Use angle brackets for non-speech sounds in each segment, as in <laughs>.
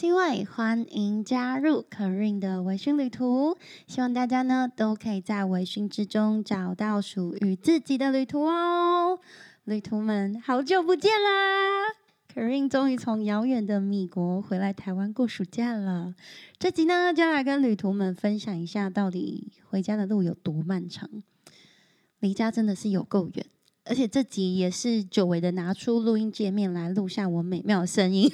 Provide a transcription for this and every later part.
各位，歡迎加入 Corine 的微醺旅途。希望大家呢都可以在微醺之中找到屬於自己的旅途哦。旅途們，好久不見啦！Corine 終於從遙遠的米國回來台灣過暑假了。這集呢，就來跟旅途們分享一下，到底回家的路有多漫長？離家真的是有夠遠，而且這集也是久違的拿出錄音界面來錄下我美妙的聲音。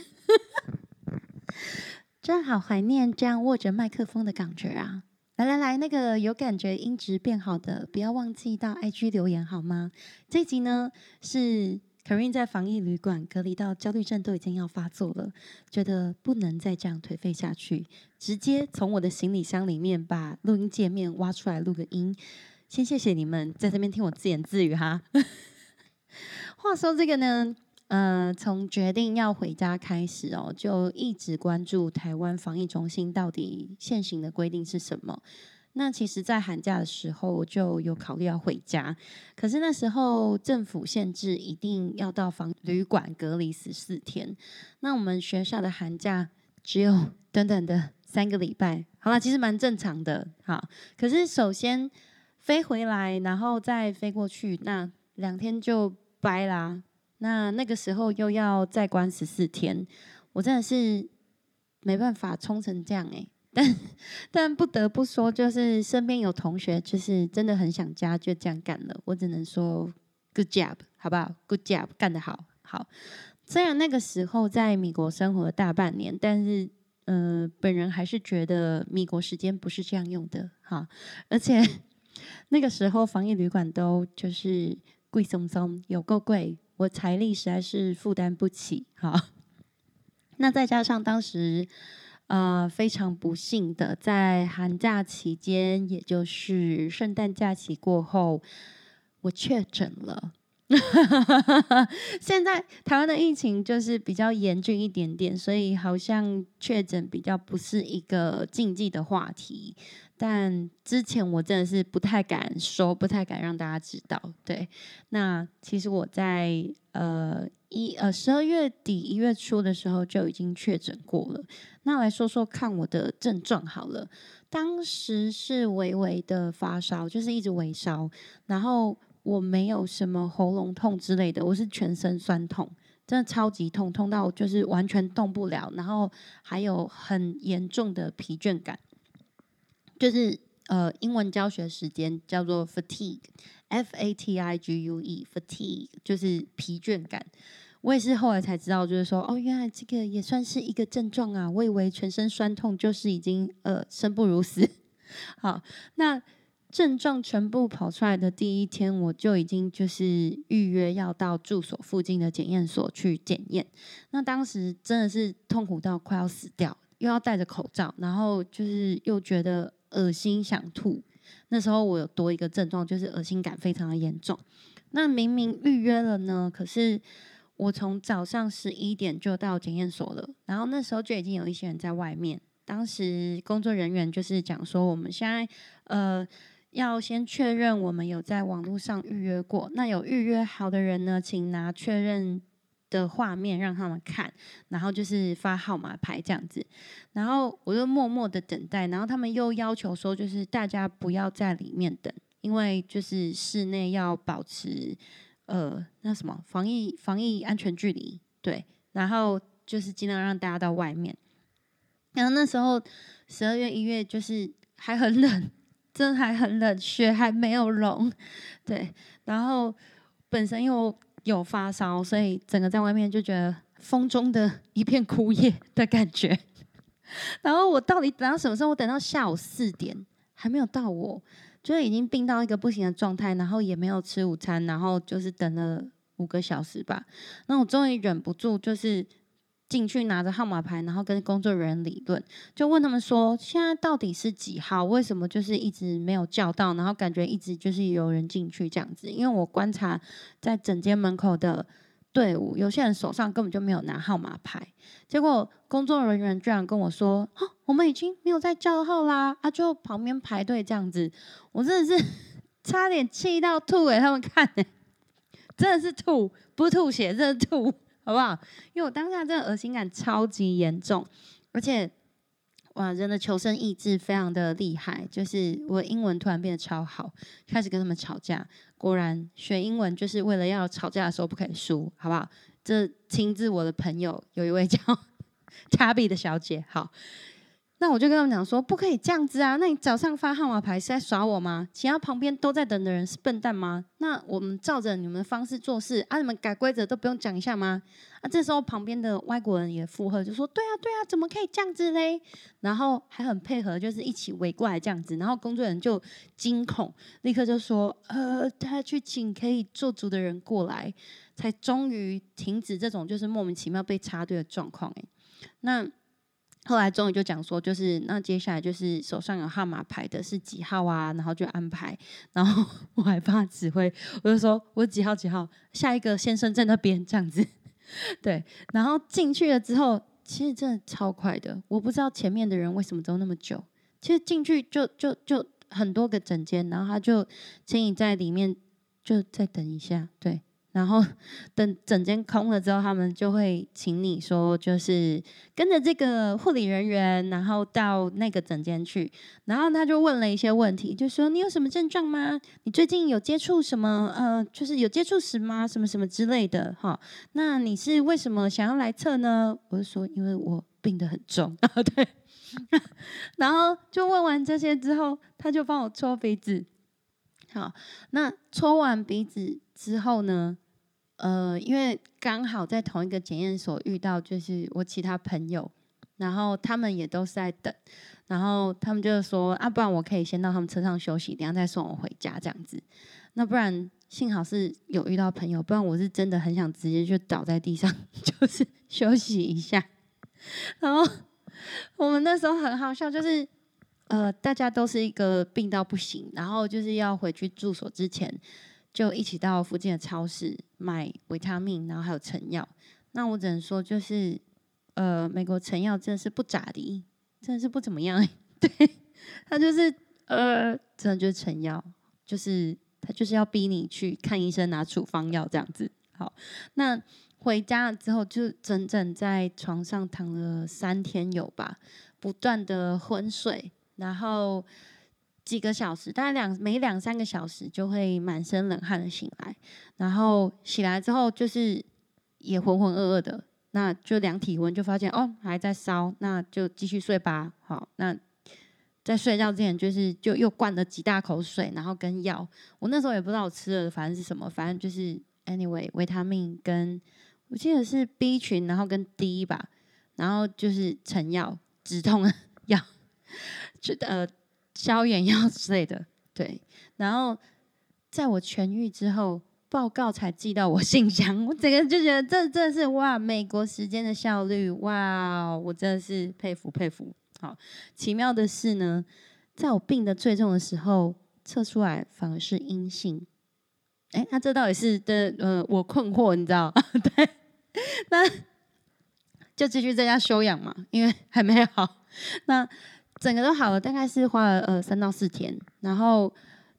真好懷念這樣握着麥克風的感覺啊！來來來，那個有感覺音質變好的，不要忘記到 IG 留言好嗎？這集呢，是 Corine 在防疫旅館隔離到焦慮症都已經要發作了，覺得不能再這樣頹廢下去，直接從我的行李箱裡面把錄音介面挖出來錄個音。先謝謝你們在這邊聽我自言自語哈。 <laughs> 話說這個呢？呃，從決定要回家開始哦，就一直關注台灣防疫中心到底現行的規定是什麼？那其實，在寒假的時候我就有考慮要回家，可是那時候政府限制一定要到房旅館隔離十四天。那我們學校的寒假只有短短的三個禮拜。好啦，其實蠻正常的。好，可是首先飛回來，然後再飛過去，那兩天就掰啦。那那個時候又要再關十四天，我真的是沒辦法衝成這樣欸。但但不得不說，就是身邊有同學，就是真的很想家，就這樣幹了。我只能說，good job，好不好？good job，幹得好好。雖然那個時候在米國生活了大半年，但是呃，本人還是覺得米國時間不是這樣用的哈。而且那個時候防疫旅館都就是貴鬆鬆，有夠貴。我財力實在是負擔不起，哈。那再加上當時，啊、呃，非常不幸的，在寒假期間，也就是聖誕假期過後，我確診了。 <laughs> 現在台灣的疫情就是比較嚴峻一點點，所以好像確診比較不是一個禁忌的話題。但之前我真的是不太敢說，不太敢讓大家知道。對，那其實我在呃一呃十二月底一月初的時候就已經確診過了。那我來說說看我的症狀好了。當時是微微的發燒，就是一直微燒，然後我沒有什麼喉嚨痛之類的，我是全身痠痛，真的超級痛，痛到我就是完全動不了，然後還有很嚴重的疲倦感。就是呃，英文教學時間叫做 fatigue，F-A-T-I-G-U-E，fatigue、e, fatigue, 就是疲倦感。我也是後來才知道，就是說哦，原來這個也算是一個症狀啊。我以為全身酸痛就是已經呃生不如死。好，那症狀全部跑出來的第一天，我就已經就是預約要到住所附近的檢驗所去檢驗。那當時真的是痛苦到快要死掉，又要戴着口罩，然後就是又覺得，噁心想吐，那時候我有多一個症狀，就是噁心感非常的嚴重。那明明預約了呢，可是我從早上十一點就到檢驗所了，然後那時候就已經有一些人在外面。當時工作人員就是講說，我們現在呃要先確認我們有在網絡上預約過，那有預約好的人呢，請拿確認的畫面讓他們看，然後就是發號碼牌這樣子，然後我就默默的等待，然後他們又要求說，就是大家不要在裡面等，因為就是室內要保持呃那什麼防疫防疫安全距離，對，然後就是盡量讓大家到外面。然後那時候十二月一月就是還很冷，真還很冷，雪還沒有融，對，然後本身又。有發燒，所以整個在外面就覺得風中的一片枯葉的感覺。 <laughs> 然後我到底等到什麼時候？我等到下午四點還沒有到我，我就已經病到一個不行的狀態，然後也沒有吃午餐，然後就是等了五個小時吧。那我終於忍不住，就是。進去拿着號碼牌，然後跟工作人員理論，就問他們說：“現在到底是幾號？為什麼就是一直沒有叫到？然後感覺一直就是有人進去這樣子。因為我觀察在整間門口的隊伍，有些人手上根本就沒有拿號碼牌。結果工作人員居然跟我說：‘哦，我們已經沒有在叫號啦。’啊，就旁邊排隊這樣子，我真的是差點氣到吐給、欸、他們看、欸，呢，真的是吐，不吐血，真的是吐。”好不好？因為我當下真的噁心感超級嚴重，而且哇，人的求生意志非常的厲害。就是我英文突然變得超好，開始跟他們吵架。果然學英文就是為了要吵架的時候不可以輸，好不好？這親自我的朋友有一位叫 Tabby 的小姐，好。那我就跟他們講說，不可以這樣子啊！那你早上發號碼牌是在耍我嗎？其他旁邊都在等的人是笨蛋嗎？那我們照着你們的方式做事啊？你們改規則都不用講一下嗎？啊！這時候旁邊的外國人也附和，就說：“對啊，對啊，怎麼可以這樣子嘞？”然後還很配合，就是一起圍過來這樣子。然後工作人員就驚恐，立刻就說：“呃，他去請可以做主的人過來。”才終於停止這種就是莫名其妙被插隊的狀況。欸。誒，那。後來終於就講說，就是那接下來就是手上有號碼牌的是幾號啊，然後就安排。然後我還怕指揮，我就說我幾號幾號，下一個先生在那邊這樣子。對，然後進去了之後，其實真的超快的，我不知道前面的人為什麼走那麼久。其實進去就就就很多個診間，然後他就請你在裡面就再等一下，對。然後等診間空了之後，他們就會請你說，就是跟着這個護理人員，然後到那個診間去。然後他就問了一些問題，就說你有什麼症狀嗎？你最近有接觸什麼？呃，就是有接觸史嗎？什麼什麼之類的，哈、哦。那你是為什麼想要來測呢？我就說，因為我病得很重啊。對。 <laughs> 然後就問完這些之後，他就幫我搓鼻子。好，那搓完鼻子之後呢？呃，因為剛好在同一個檢驗所遇到，就是我其他朋友，然後他們也都是在等，然後他們就說，啊，不然我可以先到他們車上休息，等下再送我回家這樣子。那不然幸好是有遇到朋友，不然我是真的很想直接就倒在地上，就是休息一下。然後我們那時候很好笑，就是呃，大家都是一個病到不行，然後就是要回去住所之前。就一起到附近的超市買維他命，然後還有成藥。那我只能說，就是呃，美國成藥真的是不咋的，真的是不怎麼樣。對，他就是呃，真的就是成藥，就是他就是要逼你去看醫生拿處方藥這樣子。好，那回家了之後，就整整在床上躺了三天有吧，不斷的昏睡，然後。幾個小時，大概兩每兩三個小時就會滿身冷汗的醒來，然後醒來之後就是也渾渾噩噩的，那就量體溫就發現哦，還在燒，那就繼續睡吧。好，那在睡覺之前就是就又灌了幾大口水，然後跟藥，我那時候也不知道我吃了，反正是什麼，反正就是 anyway 維他命跟，跟我記得是 B 群，然後跟 D 吧，然後就是成藥止痛的藥，就呃。消炎藥之類的，對。然後在我痊愈之後，報告才寄到我信箱，我整個就覺得這真的是哇，美國時間的效率哇，我真的是佩服佩服。好，奇妙的是呢，在我病得最重的時候，測出來反而是陰性。哎，那這到底是的、呃，我困惑，你知道？ <laughs> 對，那就繼續在家休養嘛，因為還沒好。那。整個都好了，大概是花了呃三到四天，然後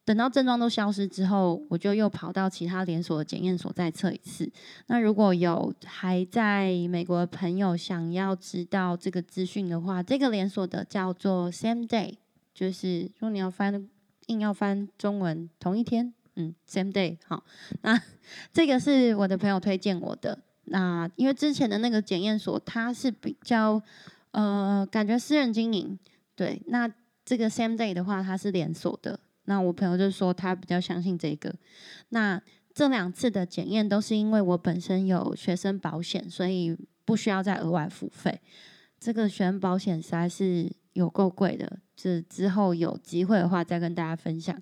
等到症狀都消失之後，我就又跑到其他連鎖的檢驗所再測一次。那如果有還在美國的朋友想要知道這個資訊的話，這個連鎖的叫做 Same Day，就是說你要翻，硬要翻中文，同一天，嗯，Same Day。好，那這個是我的朋友推薦我的。那因為之前的那個檢驗所它是比較呃感覺私人經營。對，那這個 Same Day 的話，它是連鎖的。那我朋友就說他比較相信這個。那這兩次的檢驗都是因為我本身有學生保險，所以不需要再額外付費。這個學生保險實在是有夠貴的，就之後有機會的話再跟大家分享。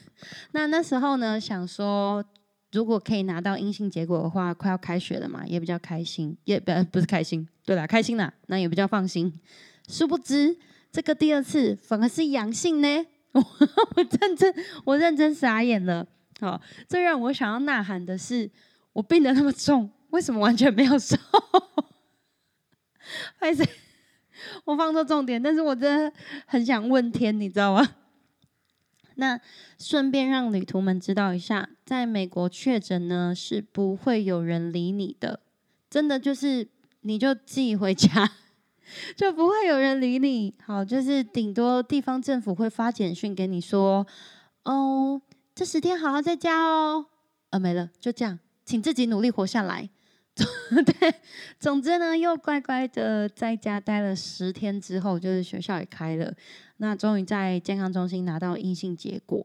<laughs> 那那時候呢，想說如果可以拿到陰性結果的話，快要開學了嘛，也比較開心，也、yeah, 不不是開心，對啦，開心啦，那也比較放心。殊不知。這個第二次反而是陽性呢， <laughs> 我認真，我認真傻眼了。好，這讓我想要吶喊的是，我病得那麼重，為什麼完全沒有瘦？還 <laughs> 是我放錯重點？但是我真的很想問天，你知道嗎？那順便讓旅途們知道一下，在美國確診呢是不會有人理你的，真的就是你就自己回家。就不會有人理你，好，就是頂多地方政府會發簡訊給你說，哦，這十天好好在家哦，呃，沒了，就這樣，請自己努力活下來。對，總之呢，又乖乖的在家待了十天之後，就是學校也開了，那終於在健康中心拿到陰性結果，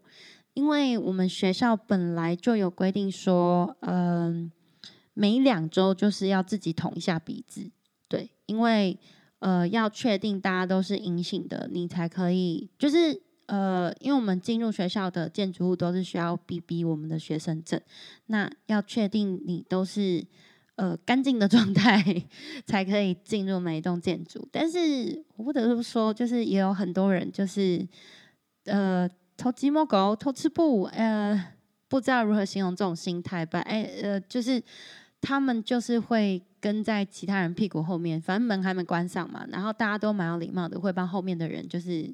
因為我們學校本來就有規定說，嗯、呃，每兩周就是要自己捅一下鼻子，對，因為。呃，要確定大家都是陰性的，你才可以，就是呃，因為我們進入學校的建築物都是需要 B B 我們的學生證，那要確定你都是呃乾淨的狀態，才可以進入每一棟建築。但是，我不得不說，就是也有很多人就是呃偷雞摸狗、偷吃步，呃，不知道如何形容這種心態吧。哎，呃，就是他們就是會。跟在其他人屁股後面，反正門還沒關上嘛。然後大家都蠻有禮貌的，會幫後面的人就是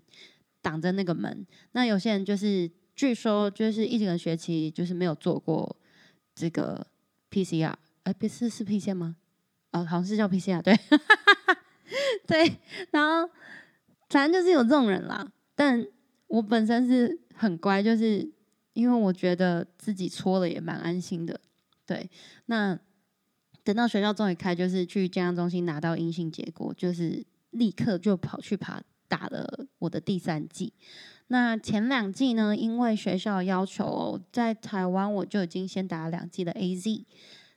擋着那個門。那有些人就是據說就是一整個學期就是沒有做過這個 PCR，哎，不、欸、是是 PC 嗎？哦，好像是叫 PCR，對， <laughs> 對。然後反正就是有這種人啦。但我本身是很乖，就是因為我覺得自己搓了也蠻安心的。對，那。等到學校終於開，就是去健康中心拿到陰性結果，就是立刻就跑去爬打了我的第三劑。那前兩劑呢，因為學校的要求，在台灣我就已經先打了兩劑的 A Z。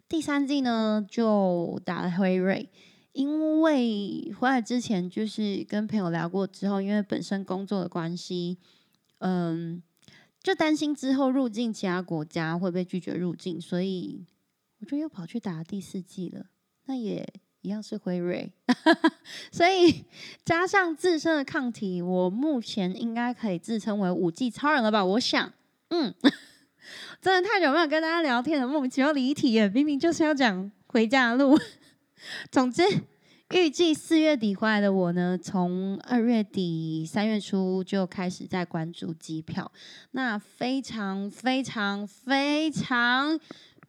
第三劑呢，就打了輝瑞。因為回來之前，就是跟朋友聊過之後，因為本身工作的關係，嗯，就擔心之後入境其他國家會被拒絕入境，所以。我就又跑去打第四劑了，那也一樣是輝瑞， <laughs> 所以加上自身的抗體，我目前應該可以自稱為五 G 超人了吧？我想，嗯，真的太久沒有跟大家聊天了，莫名其妙離題耶，明明就是要講回家的路。 <laughs> 總之，預計四月底回來的我呢，從二月底三月初就開始在關注機票，那非常非常非常。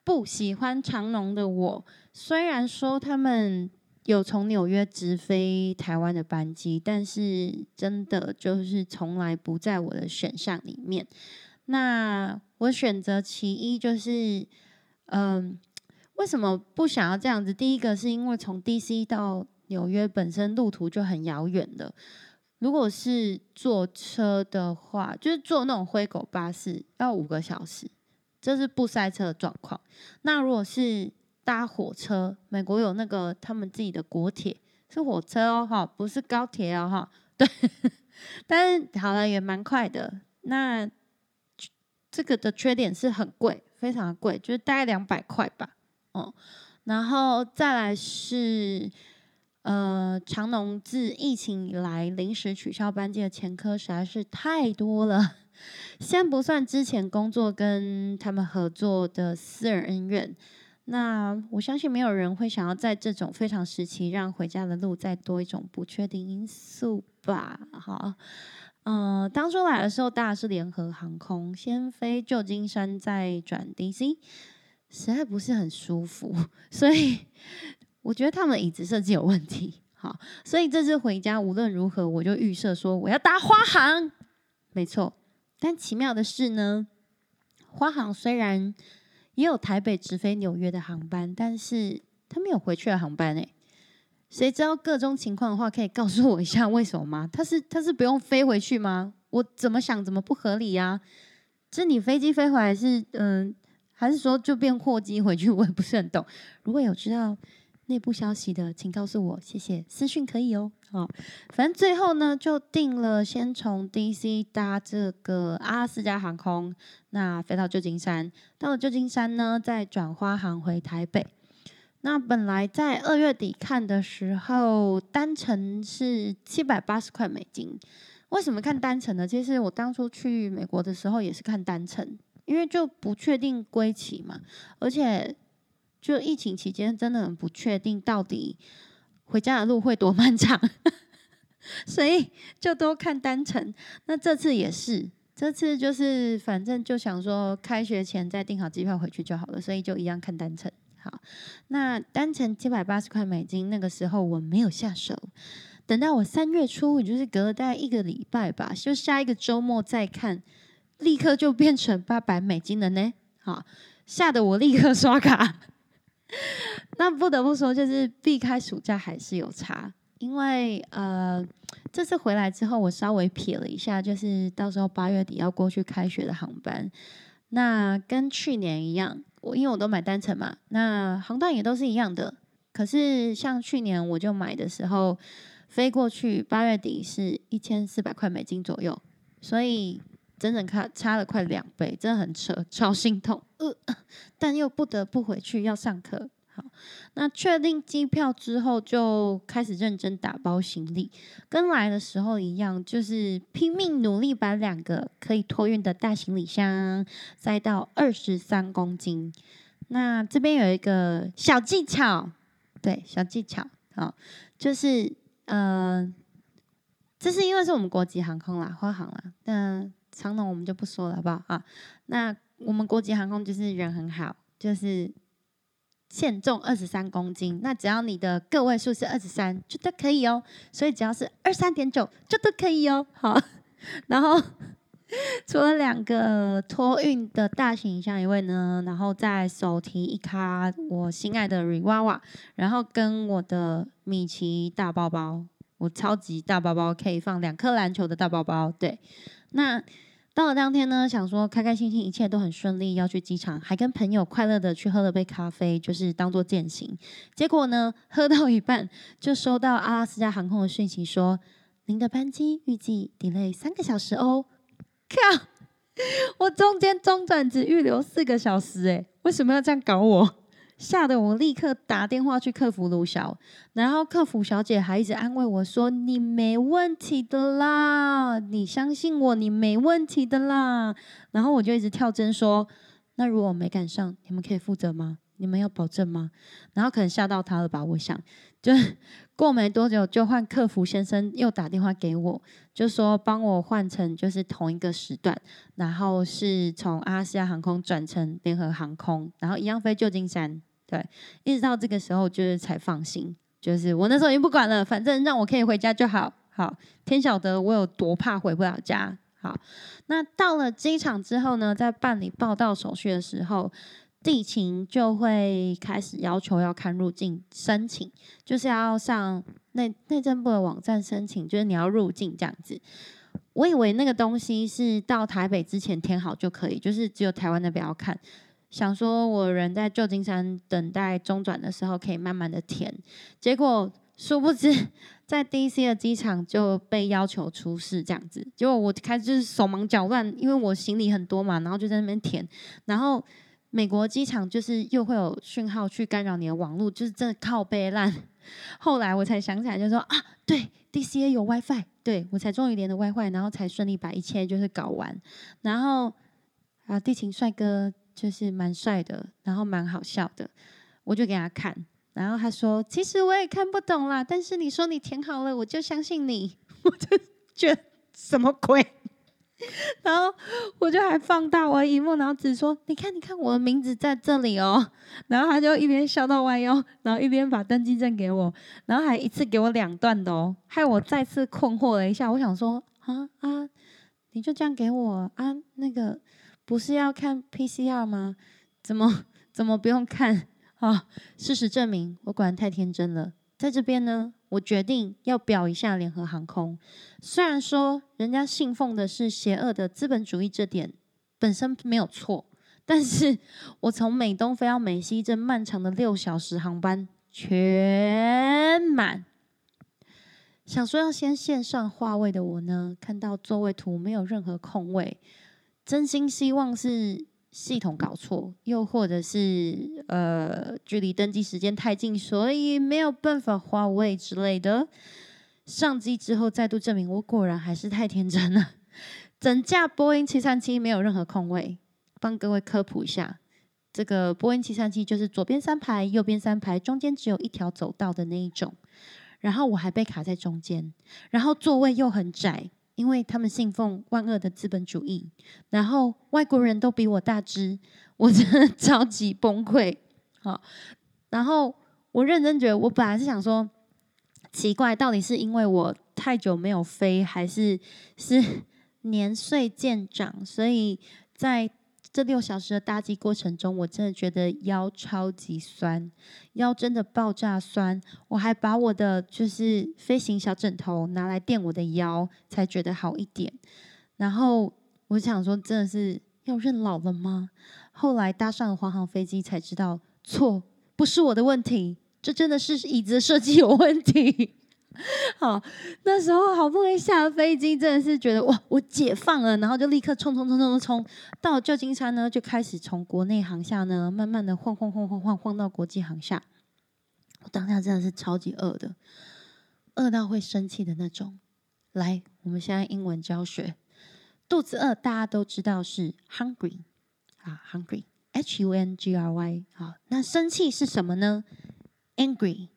不喜歡長榮的我，雖然說他們有從紐約直飛台灣的班機，但是真的就是從來不在我的選項裡面。那我選擇其一就是，嗯、呃，為什麼不想要這樣子？第一個是因為從 DC 到紐約本身路途就很遙遠了，如果是坐車的話，就是坐那種灰狗巴士，要五個小時。這是不塞車的狀況。那如果是搭火車，美國有那個他們自己的國鐵，是火車哦，哈，不是高鐵哦，哈，對。 <laughs> 但是好了，也蠻快的。那這個的缺點是很貴，非常貴，就是大概兩百塊吧，哦。然後再來是，呃，長隆自疫情以來臨時取消班機的前科實在是太多了。先不算之前工作跟他們合作的私人恩怨，那我相信沒有人會想要在這種非常時期讓回家的路再多一種不確定因素吧。好，嗯、呃，當初來的時候，大家是聯合航空先飛舊金山，再轉 DC，實在不是很舒服，所以我覺得他們椅子設計有問題。好，所以這次回家無論如何，我就預設說我要搭華航，沒錯。但奇妙的是呢，華航雖然也有台北直飛紐約的航班，但是他沒有回去的航班誒，誰知道各種情況的話，可以告訴我一下為什麼嗎？他是他是不用飛回去嗎？我怎麼想怎麼不合理呀，啊？這是，你飛機飛回來是嗯，還是說就變貨機回去？我也不是很懂。如果有知道。.內部消息的，請告訴我，謝謝。私訊可以哦。好，反正最後呢，就定了，先從 DC 搭這個阿拉斯加航空，那飛到舊金山。到了舊金山呢，再轉花航回台北。那本來在二月底看的時候，單程是七百八十塊美金。為什麼看單程呢？其實我當初去美國的時候也是看單程，因為就不確定歸期嘛，而且。就疫情期間真的很不確定，到底回家的路會多漫長，所以就都看單程。那這次也是，這次就是反正就想說，開學前再訂好機票回去就好了，所以就一樣看單程。好，那單程七百八十塊美金，那個時候我沒有下手，等到我三月初，也就是隔了大概一個禮拜吧，就下一個周末再看，立刻就變成八百美金了呢！好，嚇得我立刻刷卡。那不得不說，就是避開暑假還是有差，因為呃，這次回來之後，我稍微瞥了一下，就是到時候八月底要過去開學的航班，那跟去年一樣，我因為我都買單程嘛，那航段也都是一樣的，可是像去年我就買的時候，飛過去八月底是一千四百塊美金左右，所以整整差差了快兩倍，真的很扯，超心痛。但又不得不回去要上課。好，那確定機票之後，就開始認真打包行李，跟來的時候一樣，就是拼命努力把兩個可以托運的大行李箱塞到二十三公斤。那這邊有一個小技巧，對，小技巧，好，就是呃，這是因為是我們國籍航空啦，華航啦，那長榮我們就不說了，好不好啊？那。我們國際航空就是人很好，就是限重二十三公斤，那只要你的個位數是二十三，就都可以哦。所以只要是二三點九，就都可以哦。好， <laughs> 然後除了兩個托運的大型行李箱以外呢，然後再手提一卡我心愛的瑞娃娃，然後跟我的米奇大包包，我超級大包包，可以放兩顆籃球的大包包。對，那。到了當天呢，想說開開心心，一切都很順利，要去機場，還跟朋友快樂的去喝了杯咖啡，就是當做餞行。結果呢，喝到一半就收到阿拉斯加航空的訊息說，您的班機預計 delay 三個小時哦。靠！我中間中轉只預留四個小時，欸，哎，為什麼要這樣搞我？嚇得我立刻打電話去客服盧小，然後客服小姐還一直安慰我說：“你沒問題的啦，你相信我，你沒問題的啦。”然後我就一直跳針說：“那如果我沒趕上，你們可以負責嗎？你們要保證嗎？”然後可能嚇到她了吧，我想，就過沒多久就換客服先生又打電話給我，就說幫我換成就是同一個時段，然後是從阿西亞航空轉成聯合航空，然後一樣飛舊金山。對，一直到這個時候，就是才放心。就是我那時候已經不管了，反正讓我可以回家就好。好，天曉得我有多怕回不了家。好，那到了機場之後呢，在辦理報到手續的時候，地勤就會開始要求要看入境申請，就是要上內內政部的網站申請，就是你要入境這樣子。我以為那個東西是到台北之前填好就可以，就是只有台灣那邊要看。想說我人在舊金山等待中轉的時候，可以慢慢的填。結果殊不知，在 DC 的機場就被要求出示這樣子。結果我開始就是手忙腳亂，因為我行李很多嘛，然後就在那邊填。然後美國機場就是又會有訊號去干擾你的網絡，就是真的靠背爛。後來我才想起來就，就說啊，對 DCA 有 WiFi，對我才終於連了 WiFi，然後才順利把一切就是搞完。然後啊，地勤帥哥。就是蠻帥的，然後蠻好笑的，我就給他看，然後他說：“其實我也看不懂啦，但是你說你填好了，我就相信你。”我就覺得什麼鬼？ <laughs> 然後我就還放大我的熒幕，然後只說：“你看，你看，我的名字在這裡哦。”然後他就一邊笑到彎腰哦，然後一邊把登記證給我，然後還一次給我兩段的哦，害我再次困惑了一下。我想說：“啊啊，你就這樣給我啊？那個？”不是要看 PCR 嗎？怎麼怎麼不用看啊、哦？事實證明，我果然太天真了。在這邊呢，我決定要表一下聯合航空。雖然說人家信奉的是邪惡的資本主義，這點本身沒有錯，但是我從美東飛到美西這漫長的六小時航班全滿。想說要先線上劃位的我呢，看到座位圖沒有任何空位。真心希望是系統搞錯，又或者是呃距離登機時間太近，所以沒有辦法換位之類的。上機之後再度證明，我果然還是太天真了。整架波音七三七沒有任何空位，幫各位科普一下，這個波音七三七就是左邊三排，右邊三排，中間只有一條走道的那一種。然後我還被卡在中間，然後座位又很窄。因為他們信奉萬惡的資本主義，然後外國人都比我大只，我真的超級崩潰。好，然後我認真覺得，我本來是想說，奇怪，到底是因為我太久沒有飛，還是是年歲漸長，所以在。這六小時的搭機過程中，我真的覺得腰超級酸，腰真的爆炸酸。我還把我的就是飛行小枕頭拿來墊我的腰，才覺得好一點。然後我想說，真的是要認老了嗎？後來搭上了華航飛機，才知道，錯，不是我的問題，這真的是椅子的設計有問題。好，那時候好不容易下了飛機，真的是覺得哇，我解放了，然後就立刻衝冲冲冲衝到舊金山呢，就開始從國內航廈呢，慢慢的晃晃晃晃晃晃到國際航廈。我當下真的是超級餓的，餓到會生氣的那種。來，我們現在英文教學，肚子餓大家都知道是 hungry 啊、ah,，hungry，H U N G R Y 啊，好，那生氣是什麼呢？angry，angry。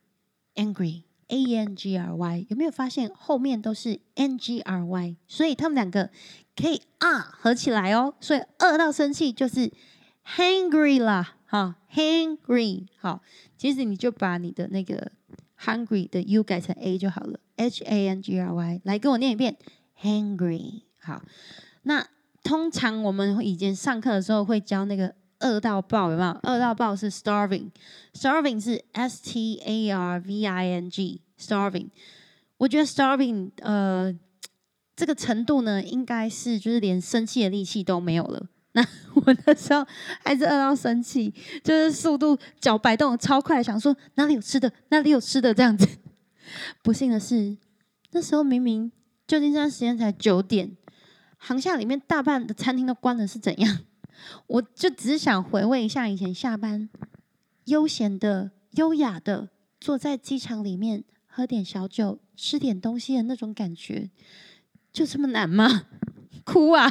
Angry, Angry. A N G R Y 有沒有發現後面都是 N G R Y，所以他們兩個可以啊合起來哦，所以餓到生氣就是 hangry 啦，哈，hangry 好，其實你就把你的那個 hungry 的 U 改成 A 就好了，H A N G R Y 來跟我念一遍，hangry 好，那通常我們以前上課的時候會教那個。餓到爆，有沒有？餓到爆是 starving，starving star 是 S T A R V I N G starving。我覺得 starving，呃，這個程度呢，應該是就是連生氣的力氣都沒有了。那我那時候還是餓到生氣，就是速度腳擺動超快，想說哪裡有吃的，哪裡有吃的這樣子。不幸的是，那時候明明舊金山時間才九點，航廈裡面大半的餐廳都關了，是怎樣？我就只想回味一下以前下班悠閒的、優雅的坐在機場裡面喝點小酒、吃點東西的那種感覺，就這麼難嗎？哭啊！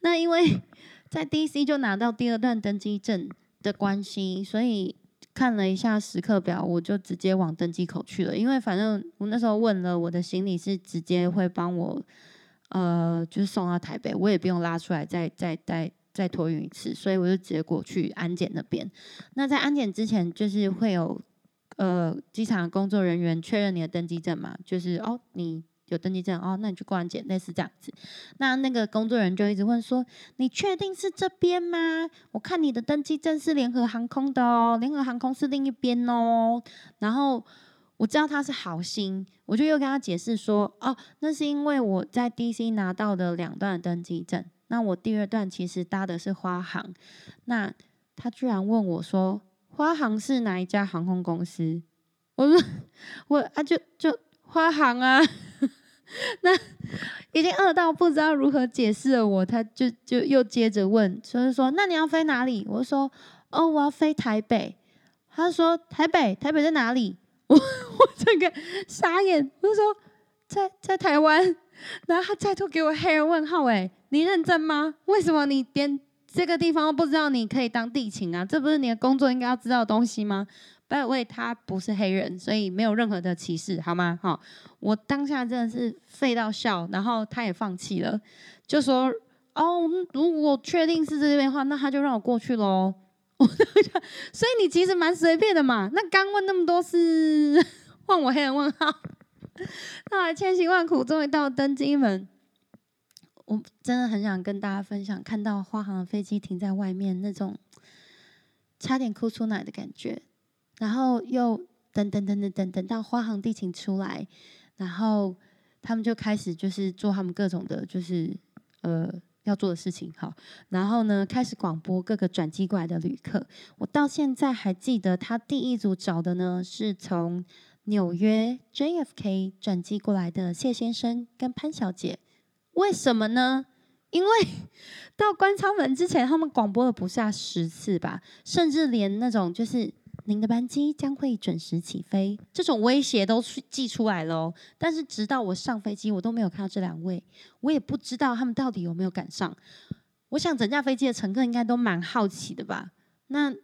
那因為在 DC 就拿到第二段登機證的關係，所以看了一下時刻表，我就直接往登機口去了。因為反正我那時候問了我的行李是直接會幫我，呃，就是送到台北，我也不用拉出來再再再。再再再托運一次，所以我就直接去安檢那邊。那在安檢之前，就是會有呃機場工作人員確認你的登機證嘛，就是哦你有登機證哦，那你去過安檢，類似這樣子。那那個工作人員就一直問說：“你確定是這邊嗎？我看你的登機證是聯合航空的哦，聯合航空是另一邊哦。”然後我知道他是好心，我就又跟他解釋說：“哦，那是因為我在 DC 拿到的兩段登機證。”那我第二段其實搭的是花航，那他居然問我說：“花航是哪一家航空公司？”我說：“我啊，就就花航啊。 <laughs> 那”那已經餓到不知道如何解釋了我，他就就又接着問，所以說：“那你要飛哪裡？”我說：“哦，我要飛台北。”他說：“台北，台北在哪裡？”我我整個傻眼，我就說：“在在台灣。”然後他再度給我黑人問號，誒，你認真嗎？為什麼你連這個地方都不知道你可以當地勤啊？這不是你的工作應該要知道的東西嗎？But wait, 他不是黑人，所以沒有任何的歧視，好嗎？好，我當下真的是廢到笑，然後他也放棄了，就說哦，如果確定是這邊的話，那他就讓我過去嘍。 <laughs> 所以你其實蠻隨便的嘛。那剛問那麼多是換 <laughs> 我黑人問號。那千辛萬苦終於到登機門，我真的很想跟大家分享，看到華航的飛機停在外面那種差點哭出來的感覺，然後又等等等等等等到華航地勤出來，然後他們就開始就是做他們各種的就是呃要做的事情。好，然後呢，開始廣播各個轉機過來的旅客，我到現在還記得他第一組找的呢是從紐約 JFK 轉機過來的謝先生跟潘小姐，為什麼呢？因為到關艙門之前，他們廣播了不下十次吧，甚至連那種就是您的班機將會準時起飛這種威脅都去寄出來咯、哦。但是直到我上飛機，我都沒有看到這兩位，我也不知道他們到底有沒有趕上。我想整架飛機的乘客應該都蠻好奇的吧。那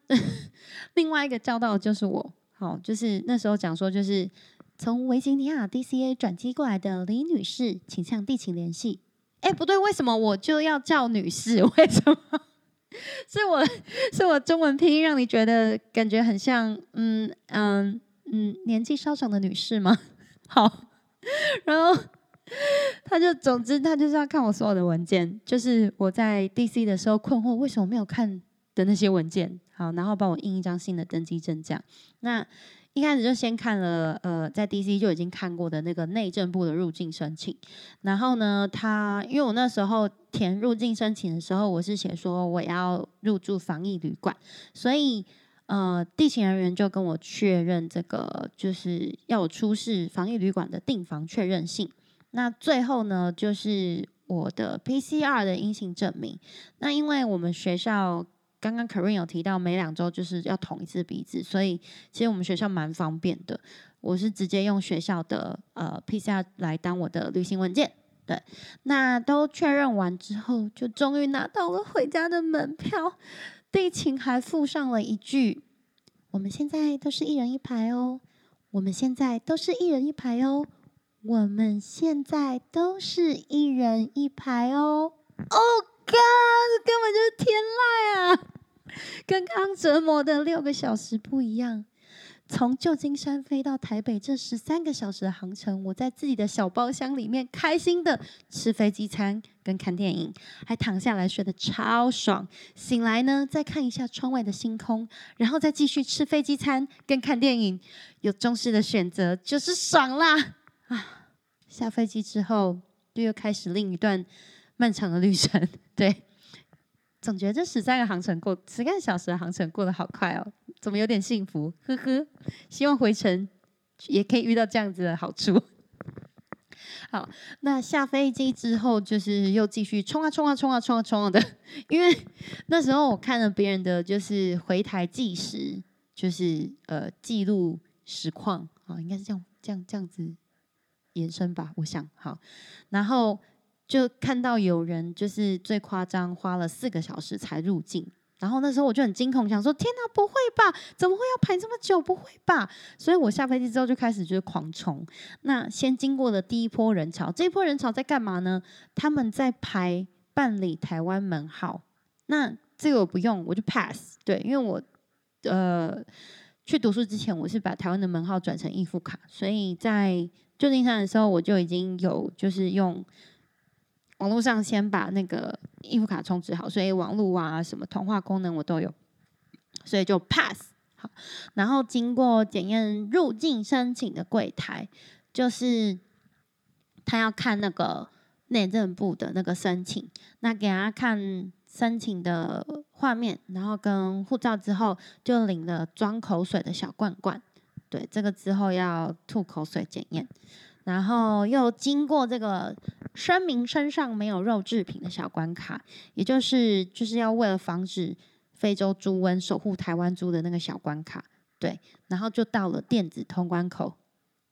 <laughs> 另外一個叫到的就是我。哦，就是那時候講說，就是從維吉尼亞 DCA 轉機過來的李女士，請向地勤聯繫。哎、欸，不對，為什麼我就要叫女士？為什麼？是我是我中文拼音讓你覺得感覺很像，嗯嗯嗯，年紀稍長的女士嗎？好，然後他就，總之他就是要看我所有的文件，就是我在 DC 的時候困惑，為什麼沒有看。的那些文件，好，然後幫我印一張新的登機證，這樣。那一開始就先看了，呃，在 DC 就已經看過的那個內政部的入境申請。然後呢，他因為我那時候填入境申請的時候，我是寫說我要入住防疫旅館，所以呃，地勤人員就跟我確認這個，就是要我出示防疫旅館的訂房確認信。那最後呢，就是我的 PCR 的陰性證明。那因為我們學校。剛剛 Corine 有提到每兩周就是要捅一次鼻子，所以其實我們學校蠻方便的。我是直接用學校的呃 PCR 來當我的旅行文件。對，那都確認完之後，就終於拿到了回家的門票。地勤還附上了一句：“我們現在都是一人一排哦，我們現在都是一人一排哦，我們現在都是一人一排哦。”Oh God，這根本就是天籟啊！跟剛折磨的六個小時不一樣，從舊金山飛到台北這十三個小時的航程，我在自己的小包廂裡面開心的吃飛機餐跟看電影，還躺下來睡得超爽。醒來呢，再看一下窗外的星空，然後再繼續吃飛機餐跟看電影，有中式的選擇就是爽啦啊！下飛機之後就又開始另一段漫長的旅程，對。總覺得這十三個航程過，十個小時的航程過得好快哦，怎麼有點幸福？呵呵，希望回程也可以遇到這樣子的好處。好，那下飛機之後就是又繼續衝啊衝啊衝啊衝啊衝啊,啊的，因為那時候我看了別人的就是回台計時，就是呃記錄實況啊，應該是這樣這樣這樣子延伸吧，我想好，然後。就看到有人就是最誇張，花了四個小時才入境。然後那時候我就很驚恐，想說：“天哪，啊，不會吧？怎麼會要排這麼久？不會吧？”所以我下飛機之後就開始就是狂衝。那先經過的第一波人潮，這一波人潮在幹嘛呢？他們在排辦理台灣門號。那這個我不用，我就 pass。對，因為我呃去讀書之前，我是把台灣的門號轉成預付卡，所以在舊金山的時候，我就已經有就是用。網絡上先把那個衣服卡充值好，所以網絡啊什麼通話功能我都有，所以就 pass 好。然後經過檢驗入境申請的櫃檯，就是他要看那個內政部的那個申請，那給他看申請的畫面，然後跟護照之後就領了裝口水的小罐罐，對，這個之後要吐口水檢驗。然後又經過這個聲明身上沒有肉製品的小關卡，也就是就是要為了防止非洲豬瘟守護台灣豬的那個小關卡，對。然後就到了電子通關口，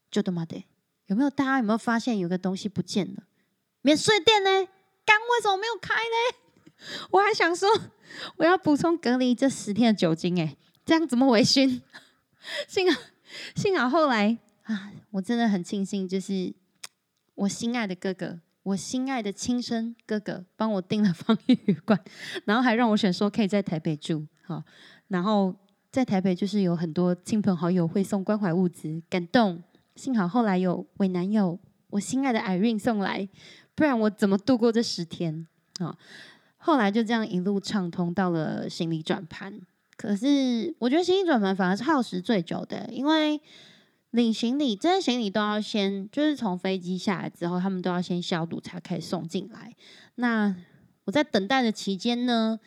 就這麼的，有沒有？大家有沒有發現有個東西不見了？免稅店呢？剛為什麼沒有開呢？我還想說我要補充隔離這十天的酒精，哎，這樣怎麼微醺？幸好幸好後來。啊，我真的很慶幸，就是我心愛的哥哥，我心愛的親生哥哥，幫我訂了防疫旅館，然後還讓我選說可以在台北住，好，然後在台北就是有很多親朋好友會送關懷物資，感動。幸好後來有偽男友，我心愛的 Irene 送來，不然我怎麼度過這十天？好，後來就這樣一路暢通到了行李轉盤，可是我覺得行李轉盤反而是耗時最久的，因為。領行李，這些行李都要先，就是從飛機下來之後，他們都要先消毒才可以送進來。那我在等待的期間呢，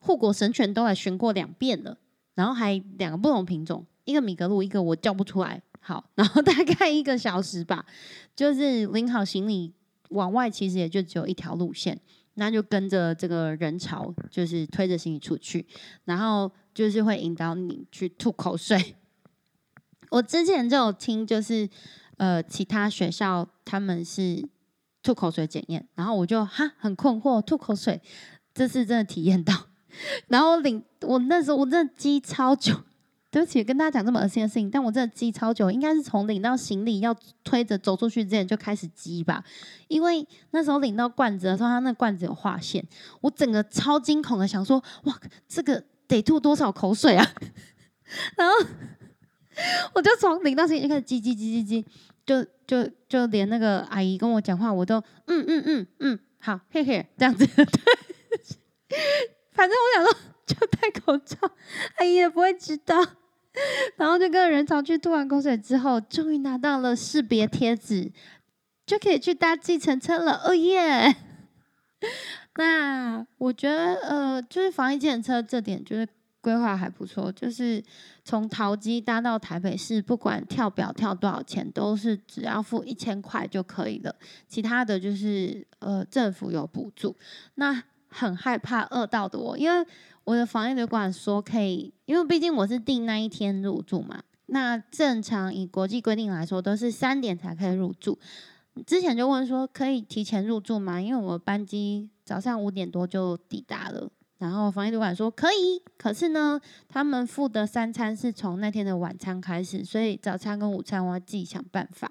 護國神犬都來巡過兩遍了，然後還兩個不同品種，一個米格魯，一個我叫不出來。好，然後大概一個小時吧，就是領好行李往外，其實也就只有一條路線，那就跟着這個人潮，就是推着行李出去，然後就是會引導你去吐口水。我之前就有聽，就是，呃，其他學校他們是吐口水檢驗，然後我就哈很困惑，吐口水，這次真的體驗到。然後領我那時候我真的擠超久，對不起，跟大家講這麼噁心的事情，但我真的擠超久，應該是從領到行李要推着走出去之前就開始擠吧，因為那時候領到罐子的時候，他那個罐子有劃線，我整個超驚恐的想說，哇，這個得吐多少口水啊，然後。我就從領到行李就開始嘰嘰嘰嘰嘰，就就就連那個阿姨跟我講話，我都嗯嗯嗯嗯好嘿嘿這樣子，對，反正我想說就戴口罩，阿姨也不會知道。然後就跟人潮去吐完口水之後，終於拿到了識別貼紙，就可以去搭計程車了。哦、oh、耶、yeah!！那我覺得呃，就是防疫計程車這點就是。規劃還不錯，就是從桃機搭到台北市，不管跳表跳多少錢，都是只要付一千塊就可以了。其他的就是呃，政府有補助。那很害怕餓到的我，因為我的防疫旅館說可以，因為畢竟我是訂那一天入住嘛。那正常以國際規定來說，都是三點才可以入住。之前就問說可以提前入住嗎？因為我班機早上五點多就抵達了。然後防疫主管說可以，可是呢，他們付的三餐是從那天的晚餐開始，所以早餐跟午餐我要自己想辦法。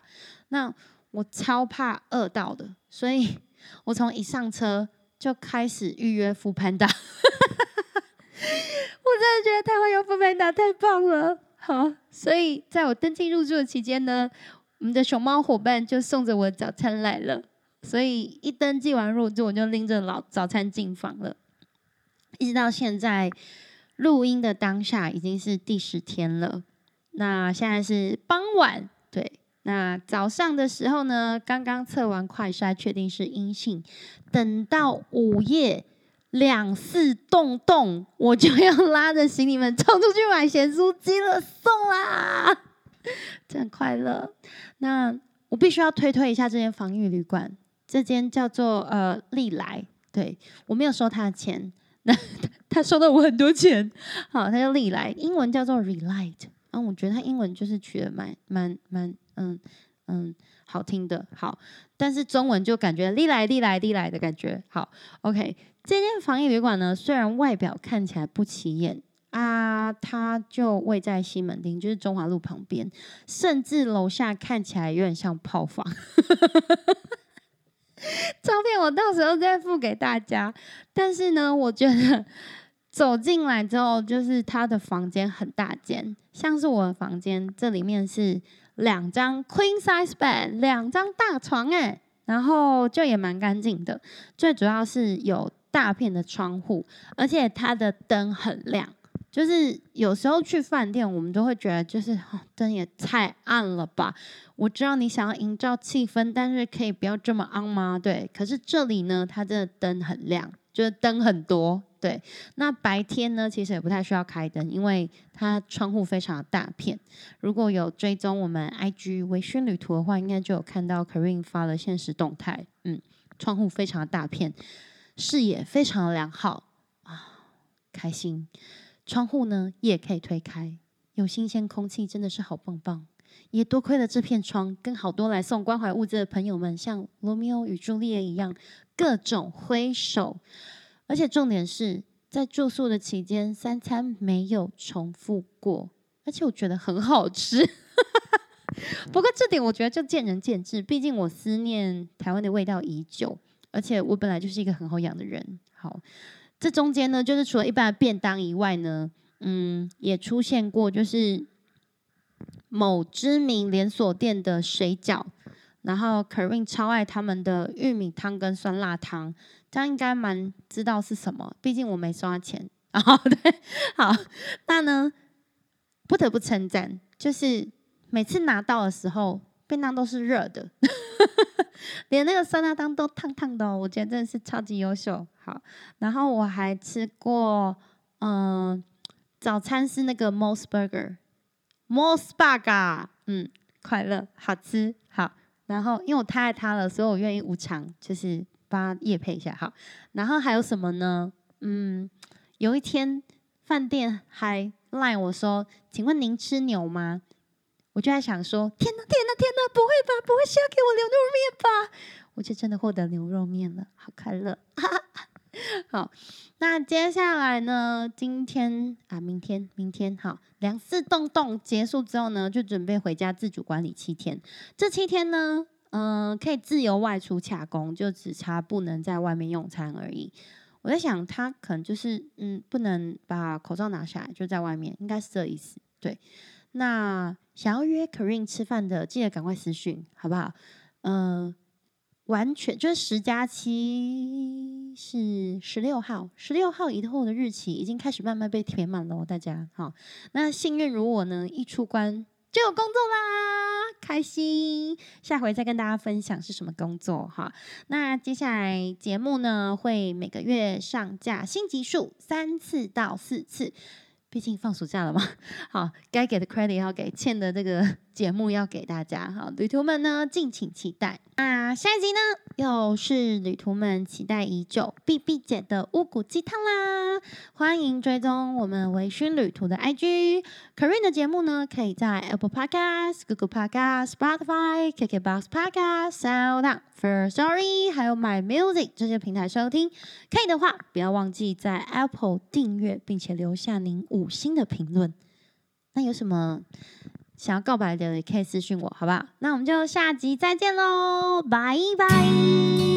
那我超怕餓到的，所以我從一上車就開始預約富潘達哈哈哈， <laughs> <laughs> 我真的覺得台灣有富潘達太棒了，好，所以在我登記入住的期間呢，我們的熊貓夥伴就送着我的早餐來了，所以一登記完入住，我就拎着老早餐進房了。一直到現在錄音的當下已經是第十天了。那現在是傍晚，對。那早上的時候呢，剛剛測完快篩，確定是陰性。等到午夜兩四洞洞，我就要拉着行李們衝出去買鹹酥雞了，送啦！真的很快樂。那我必須要推推一下這間防疫旅館，這間叫做呃利來，對，我沒有收他的錢。 <laughs> 他收到我很多錢，好，他就利來，英文叫做 Relight，然、嗯、我覺得他英文就是取的蠻蠻蠻，嗯嗯，好聽的，好，但是中文就感覺利來利來利來的感覺，好，OK，這間防疫旅館呢，雖然外表看起來不起眼啊，他就位在西門町，就是中華路旁邊，甚至樓下看起來有點像炮房。 <laughs> 照片我到時候再附給大家，但是呢，我覺得走進來之後，就是他的房間很大間，像是我的房間，這裡面是兩張 queen size bed，兩張大床，哎，然後就也蠻乾淨的，最主要是有大片的窗戶，而且它的燈很亮。就是有時候去飯店，我們都會覺得就是燈、哦、也太暗了吧。我知道你想要營造氣氛，但是可以不要這麼暗嗎？對，可是這裡呢，它的燈很亮，就是燈很多。對，那白天呢，其實也不太需要開燈，因為它窗戶非常的大片。如果有追蹤我們 IG 微醺旅途的話，應該就有看到 Corine 發了限時動態。嗯，窗戶非常的大片，視野非常的良好啊，開心。窗戶呢，也可以推開，有新鮮空氣，真的是好棒棒。也多虧了這片窗，跟好多來送關懷物資的朋友們，像羅密歐與朱麗葉一樣，各種揮手。而且重點是在住宿的期間，三餐沒有重複過，而且我覺得很好吃。 <laughs> 不過這點我覺得就見仁見智，畢竟我思念台灣的味道已久，而且我本來就是一個很好養的人。好。這中間呢，就是除了一般的便當以外呢，嗯，也出現過就是某知名連鎖店的水餃，然後 Corine 超愛他們的玉米湯跟酸辣湯，他應該蠻知道是什麼，畢竟我沒收她錢啊、哦。對，好，那呢，不得不稱讚，就是每次拿到的時候，便當都是熱的。 <laughs> 連那個酸辣湯都燙燙的，哦，我覺得真的是超級優秀。好，然後我還吃過，嗯、呃，早餐是那個 Moss Burger，Moss Burger，, Burger 嗯，快樂，好吃，好。然後因為我太愛他了，所以我願意無償，就是幫他業配一下。好，然後還有什麼呢？嗯，有一天飯店還賴我說，請問您吃牛嗎？我就在想說，天吶、啊，天吶、啊，天吶、啊，不會吧，不會是要給我牛肉麵吧？我就真的獲得牛肉麵了，好快樂。 <laughs> 好，那接下來呢？今天啊，明天，明天，好，兩次動動結束之後呢，就準備回家自主管理七天。這七天呢，呃，可以自由外出卡工，就只差不能在外面用餐而已。我在想，他可能就是嗯，不能把口罩拿下來，就在外面，應該是這意思。對，那。想要約 Corine 吃飯的，記得趕快私訊，好不好？嗯、呃，完全就是十加七是十六號，十六號以後的日期已經開始慢慢被填滿了哦，大家好。那幸運如我呢，一出關就有工作啦，開心！下回再跟大家分享是什麼工作哈。那接下來節目呢，會每個月上架新集數三次到四次。畢竟放暑假了嘛，好，該給的 credit 要給，欠的這個。節目要給大家哈，旅途們呢，敬請期待。啊。下一集呢，又是旅途們期待已久 B B 姐的烏骨雞湯啦！歡迎追蹤我們微醺旅途的 I G。Corine 的節目呢，可以在 Apple Podcast、Google Podcast、Spotify、KKBOX Podcast、SoundOn、Firstory 還有 My Music 這些平台收聽。可以的話，不要忘記在 Apple 訂閱，並且留下您五星的評論。那有什麼？想要告白的，也可以私訊我，好不好？那我們就下集再見嘍，拜拜。